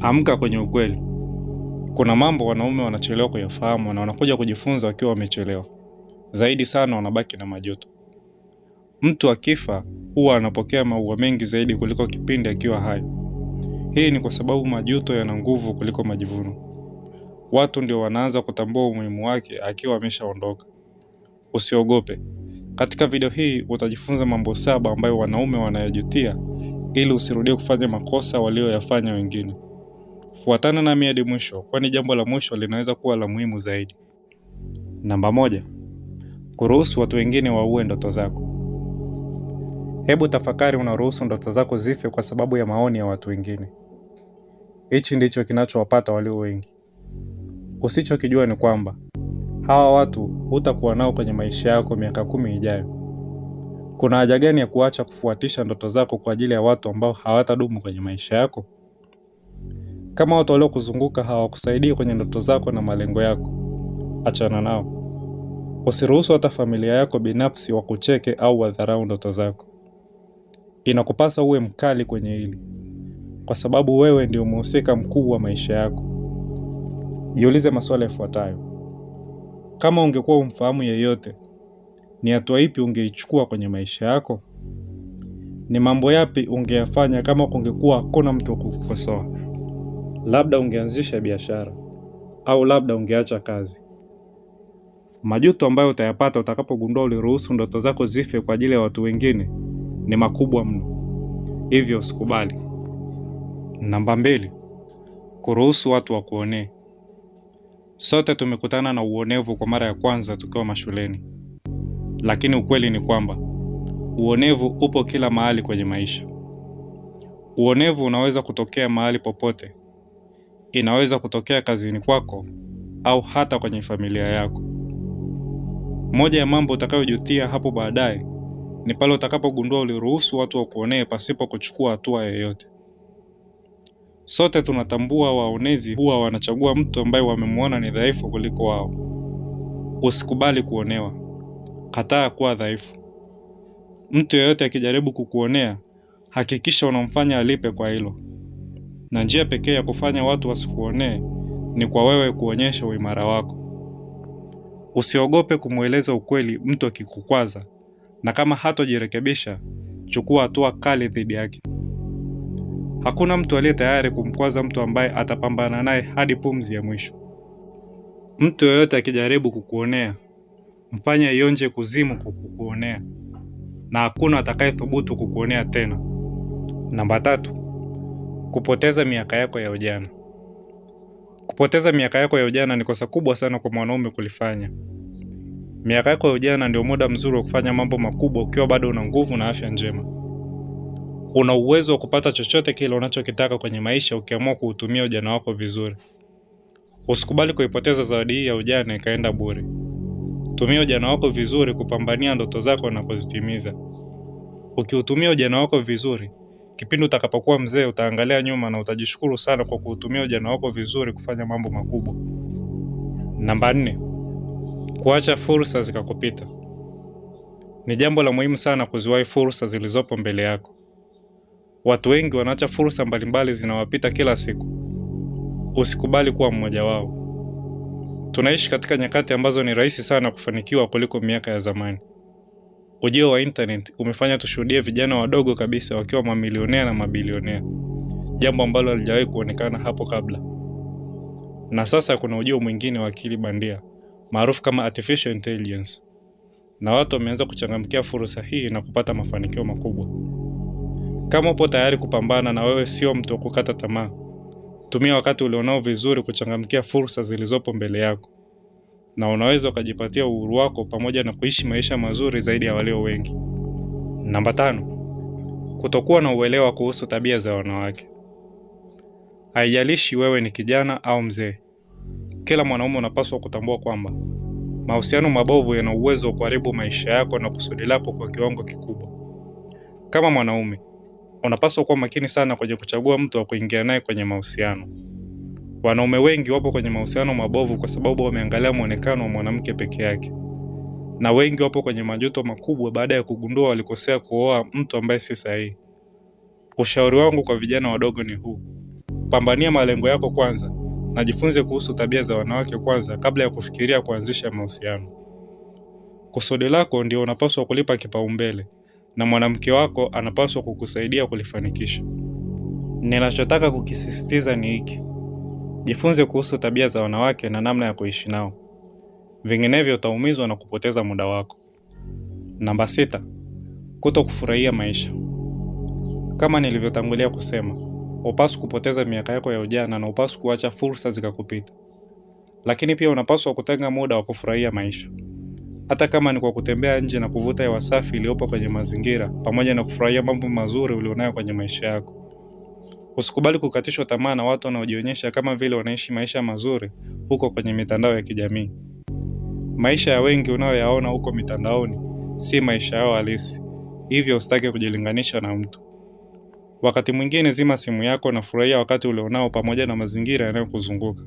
amka kwenye ukweli. Kuna mambo wanaume wanachelewa kuyafahamu na wanakuja kujifunza wakiwa wamechelewa. Zaidi sana wanabaki na majuto. Mtu akifa huwa anapokea maua mengi zaidi kuliko kipindi akiwa hai. Hii ni kwa sababu majuto yana nguvu kuliko majivuno. Watu ndio wanaanza kutambua umuhimu wake akiwa ameshaondoka. Usiogope. Katika video hii utajifunza mambo saba ambayo wanaume wanayajutia ili usirudie kufanya makosa walioyafanya wengine. Fuatana nami hadi mwisho, kwani jambo la mwisho linaweza kuwa la muhimu zaidi. Namba moja: kuruhusu watu wengine waue ndoto zako. Hebu tafakari, unaruhusu ndoto zako zife kwa sababu ya maoni ya watu wengine? Hichi ndicho kinachowapata walio wengi. Usichokijua ni kwamba hawa watu hutakuwa nao kwenye maisha yako miaka kumi ijayo. Kuna haja gani ya kuacha kufuatisha ndoto zako kwa ajili ya watu ambao hawatadumu kwenye maisha yako? Kama watu waliokuzunguka hawakusaidii kwenye ndoto zako na malengo yako, achana nao. Usiruhusu hata familia yako binafsi wakucheke au wadharau ndoto zako. Inakupasa uwe mkali kwenye hili, kwa sababu wewe ndio mhusika mkuu wa maisha yako. Jiulize maswali yafuatayo: kama ungekuwa umfahamu yeyote, ni hatua ipi ungeichukua kwenye maisha yako? Ni mambo yapi ungeyafanya kama kungekuwa hakuna mtu wa kukukosoa? labda ungeanzisha biashara au labda ungeacha kazi. Majuto ambayo utayapata utakapogundua uliruhusu ndoto zako zife kwa ajili ya watu wengine ni makubwa mno, hivyo usikubali. Namba mbili, kuruhusu watu wakuonee. Sote tumekutana na uonevu kwa mara ya kwanza tukiwa mashuleni, lakini ukweli ni kwamba uonevu upo kila mahali kwenye maisha. Uonevu unaweza kutokea mahali popote, inaweza kutokea kazini kwako au hata kwenye familia yako. Moja ya mambo utakayojutia hapo baadaye ni pale utakapogundua uliruhusu watu wakuonee pasipo kuchukua hatua yoyote. Sote tunatambua waonezi huwa wanachagua mtu ambaye wamemwona ni dhaifu kuliko wao. Usikubali kuonewa, kataa kuwa dhaifu. Mtu yeyote akijaribu kukuonea, hakikisha unamfanya alipe kwa hilo na njia pekee ya kufanya watu wasikuonee ni kwa wewe kuonyesha uimara wako. Usiogope kumweleza ukweli mtu akikukwaza, na kama hatojirekebisha, chukua hatua kali dhidi yake. Hakuna mtu aliye tayari kumkwaza mtu ambaye atapambana naye hadi pumzi ya mwisho. Mtu yoyote akijaribu kukuonea, mfanye ionje kuzimu kwa kukuonea, na hakuna atakayethubutu kukuonea tena. Namba tatu. Kupoteza miaka yako ya ujana. Kupoteza miaka yako ya ujana ni kosa kubwa sana kwa mwanaume kulifanya. Miaka yako ya ujana ndio muda mzuri wa kufanya mambo makubwa ukiwa bado una nguvu na afya njema. Una uwezo wa kupata chochote kile unachokitaka kwenye maisha ukiamua kuutumia ujana wako vizuri. Usikubali kuipoteza zawadi hii ya ujana ikaenda bure. Tumia ujana wako vizuri kupambania ndoto zako na kuzitimiza. Ukiutumia ujana wako vizuri, Kipindi utakapokuwa mzee, utaangalia nyuma na utajishukuru sana kwa kuutumia ujana wako vizuri kufanya mambo makubwa. Namba nne, kuacha fursa zikakupita. Ni jambo la muhimu sana kuziwahi fursa zilizopo mbele yako. Watu wengi wanaacha fursa mbalimbali zinawapita kila siku. Usikubali kuwa mmoja wao. Tunaishi katika nyakati ambazo ni rahisi sana kufanikiwa kuliko miaka ya zamani. Ujio wa internet umefanya tushuhudie vijana wadogo kabisa wakiwa mamilionea na mabilionea, jambo ambalo halijawahi kuonekana hapo kabla. Na sasa kuna ujio mwingine wa akili bandia maarufu kama artificial intelligence, na watu wameanza kuchangamkia fursa hii na kupata mafanikio makubwa. Kama upo tayari kupambana na wewe sio mtu wa kukata tamaa, tumia wakati ulionao vizuri kuchangamkia fursa zilizopo mbele yako na unaweza ukajipatia uhuru wako pamoja na kuishi maisha mazuri zaidi ya walio wengi. Namba tano, kutokuwa na uelewa kuhusu tabia za wanawake. Haijalishi wewe ni kijana au mzee, kila mwanaume unapaswa kutambua kwamba mahusiano mabovu yana uwezo wa kuharibu maisha yako na kusudi lako kwa kiwango kikubwa. Kama mwanaume, unapaswa kuwa makini sana kwenye kuchagua mtu wa kuingia naye kwenye mahusiano. Wanaume wengi wapo kwenye mahusiano mabovu kwa sababu wameangalia mwonekano wa mwanamke peke yake, na wengi wapo kwenye majuto makubwa baada ya kugundua walikosea kuoa mtu ambaye si sahihi. Ushauri wangu kwa vijana wadogo ni huu: pambania malengo yako kwanza, najifunze kuhusu tabia za wanawake kwanza kabla ya kufikiria kuanzisha mahusiano. Kusudi lako ndio unapaswa kulipa kipaumbele na mwanamke wako anapaswa kukusaidia kulifanikisha. Ninachotaka kukisisitiza ni hiki: Jifunze kuhusu tabia za wanawake na namna ya kuishi nao, vinginevyo utaumizwa na kupoteza muda wako. Namba sita, kuto kufurahia maisha. Kama nilivyotangulia kusema, upaswi kupoteza miaka yako ya ujana na upaswi kuacha fursa zikakupita, lakini pia unapaswa kutenga muda wa kufurahia maisha, hata kama ni kwa kutembea nje na kuvuta hewa safi iliyopo kwenye mazingira, pamoja na kufurahia mambo mazuri ulionayo kwenye maisha yako. Usikubali kukatishwa tamaa na watu wanaojionyesha kama vile wanaishi maisha mazuri huko kwenye mitandao ya kijamii. Maisha ya wengi unayoyaona huko mitandaoni si maisha yao halisi, hivyo usitake kujilinganisha na mtu. Wakati mwingine zima simu yako na furahia wakati ulionao pamoja na mazingira yanayokuzunguka.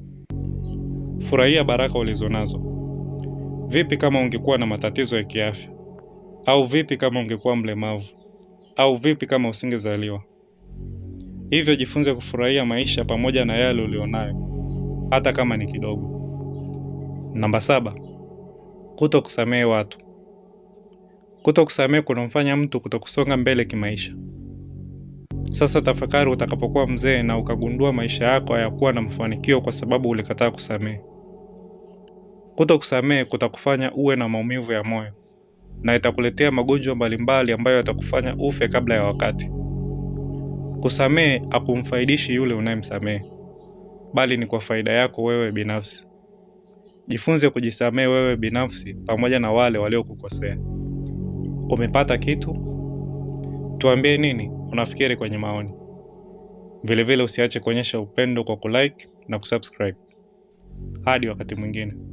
Furahia baraka ulizonazo. Vipi kama ungekuwa na matatizo ya kiafya? Au vipi kama ungekuwa mlemavu? Au vipi kama usingezaliwa? Hivyo jifunze kufurahia maisha pamoja na yale ulionayo, hata kama ni kidogo. Namba saba, kuto kusamehe watu. Kuto kusamehe kunamfanya mtu kutokusonga mbele kimaisha. Sasa tafakari utakapokuwa mzee na ukagundua maisha yako hayakuwa na mafanikio kwa sababu ulikataa kusamehe. Kuto kusamehe kutakufanya uwe na maumivu ya moyo na itakuletea magonjwa mbalimbali ambayo yatakufanya ufe kabla ya wakati. Kusamehe akumfaidishi yule unayemsamehe, bali ni kwa faida yako wewe binafsi. Jifunze kujisamehe wewe binafsi pamoja na wale waliokukosea. Umepata kitu? Tuambie nini unafikiri kwenye maoni. Vilevile usiache kuonyesha upendo kwa kulike na kusubscribe. Hadi wakati mwingine.